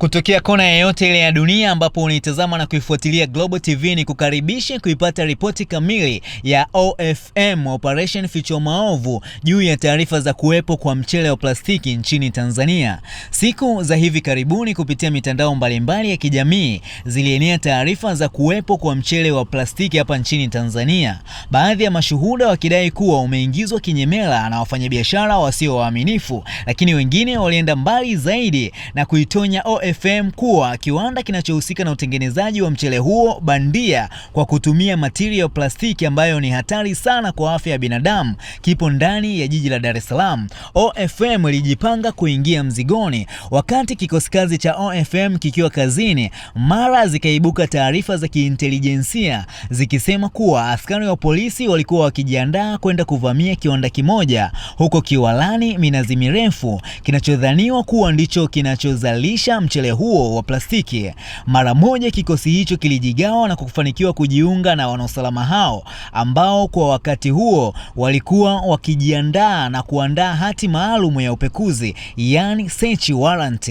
Kutokea kona yeyote ile ya dunia ambapo unaitazama na kuifuatilia Global TV, ni kukaribisha kuipata ripoti kamili ya OFM, Operation Ficho Maovu, juu ya taarifa za kuwepo kwa mchele wa plastiki nchini Tanzania. Siku za hivi karibuni, kupitia mitandao mbalimbali ya kijamii, zilienea taarifa za kuwepo kwa mchele wa plastiki hapa nchini Tanzania, baadhi ya mashuhuda wakidai kuwa umeingizwa kinyemela na wafanyabiashara wasio waaminifu, lakini wengine walienda mbali zaidi na kuitonya OFM FM kuwa kiwanda kinachohusika na utengenezaji wa mchele huo bandia kwa kutumia material plastiki ambayo ni hatari sana kwa afya ya binadamu kipo ndani ya jiji la Dar es Salaam. OFM ilijipanga kuingia mzigoni wakati kikosi kazi cha OFM kikiwa kazini, mara zikaibuka taarifa za kiintelijensia zikisema kuwa askari wa polisi walikuwa wakijiandaa kwenda kuvamia kiwanda kimoja huko Kiwalani, Minazi Mirefu, kinachodhaniwa kuwa ndicho kinachozalisha mchele mchele huo wa plastiki. Mara moja kikosi hicho kilijigawa na kufanikiwa kujiunga na wanausalama hao ambao kwa wakati huo walikuwa wakijiandaa na kuandaa hati maalum ya upekuzi, yani search warrant.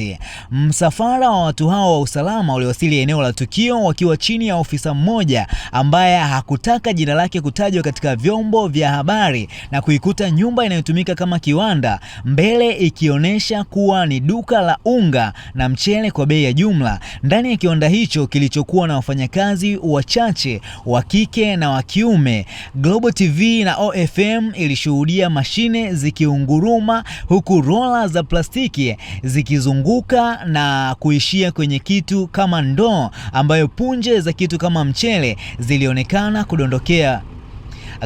Msafara wa watu hao wa usalama uliwasili eneo la tukio wakiwa chini ya ofisa mmoja ambaye hakutaka jina lake kutajwa katika vyombo vya habari na kuikuta nyumba inayotumika kama kiwanda, mbele ikionyesha kuwa ni duka la unga na mchele mchele kwa bei ya jumla ndani ya kiwanda hicho kilichokuwa na wafanyakazi wachache wa kike na wa kiume. Global TV na OFM ilishuhudia mashine zikiunguruma huku rola za plastiki zikizunguka na kuishia kwenye kitu kama ndoo ambayo punje za kitu kama mchele zilionekana kudondokea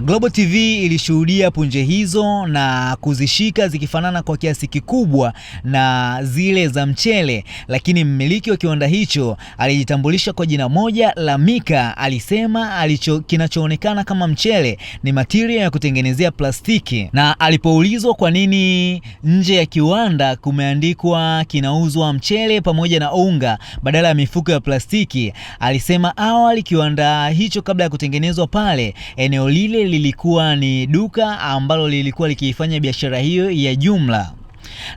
Global TV ilishuhudia punje hizo na kuzishika zikifanana kwa kiasi kikubwa na zile za mchele, lakini mmiliki wa kiwanda hicho alijitambulisha kwa jina moja la Mika. Alisema alicho kinachoonekana kama mchele ni material ya kutengenezea plastiki, na alipoulizwa kwa nini nje ya kiwanda kumeandikwa kinauzwa mchele pamoja na unga badala ya mifuko ya plastiki, alisema awali kiwanda hicho kabla ya kutengenezwa pale eneo lile lilikuwa ni duka ambalo lilikuwa likiifanya biashara hiyo ya jumla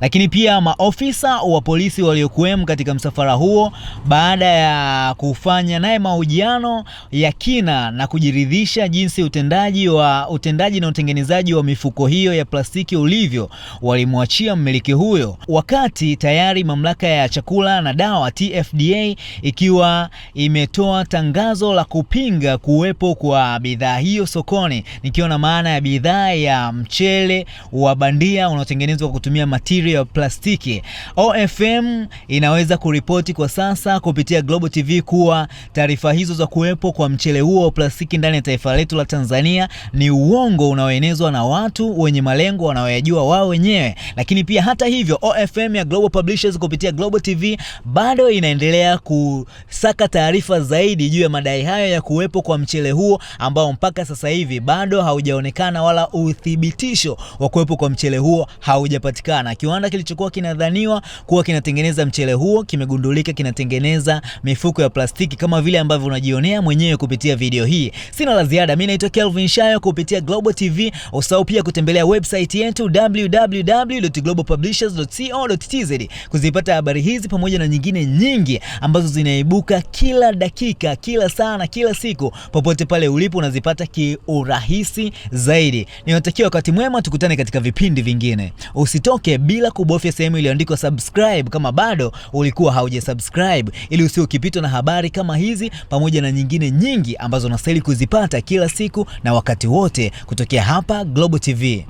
lakini pia maofisa wa polisi waliokuwemo katika msafara huo, baada ya kufanya naye mahojiano ya kina na kujiridhisha jinsi utendaji wa utendaji na utengenezaji wa mifuko hiyo ya plastiki ulivyo, walimwachia mmiliki huyo, wakati tayari mamlaka ya chakula na dawa TFDA ikiwa imetoa tangazo la kupinga kuwepo kwa bidhaa hiyo sokoni, nikiwa na maana ya bidhaa ya mchele wa bandia unaotengenezwa kutumia material plastiki. OFM inaweza kuripoti kwa sasa kupitia Global TV kuwa taarifa hizo za kuwepo kwa mchele huo wa plastiki ndani ya taifa letu la Tanzania ni uongo unaoenezwa na watu wenye malengo wanaoyajua wao wenyewe. Lakini pia hata hivyo, OFM ya Global Publishers kupitia Global TV bado inaendelea kusaka taarifa zaidi juu ya madai hayo ya kuwepo kwa mchele huo ambao mpaka sasa hivi bado haujaonekana wala uthibitisho wa kuwepo kwa mchele huo haujapatikana sana. Kiwanda kilichokuwa kinadhaniwa kuwa kinatengeneza mchele huo kimegundulika kinatengeneza mifuko ya plastiki kama vile ambavyo unajionea mwenyewe kupitia video hii. Sina la ziada. Mimi naitwa Kelvin Shayo kupitia Global TV. Usahau pia kutembelea website yetu www.globalpublishers.co.tz kuzipata habari hizi pamoja na nyingine nyingi ambazo zinaibuka kila dakika, kila saa na kila siku. Popote pale ulipo unazipata kiurahisi zaidi. Niwatakia wakati mwema, tukutane katika vipindi vingine. Usitoke kipekee bila kubofya sehemu iliyoandikwa subscribe kama bado ulikuwa haujasubscribe, ili usio ukipitwa na habari kama hizi pamoja na nyingine nyingi ambazo unastahili kuzipata kila siku na wakati wote kutokea hapa Global TV.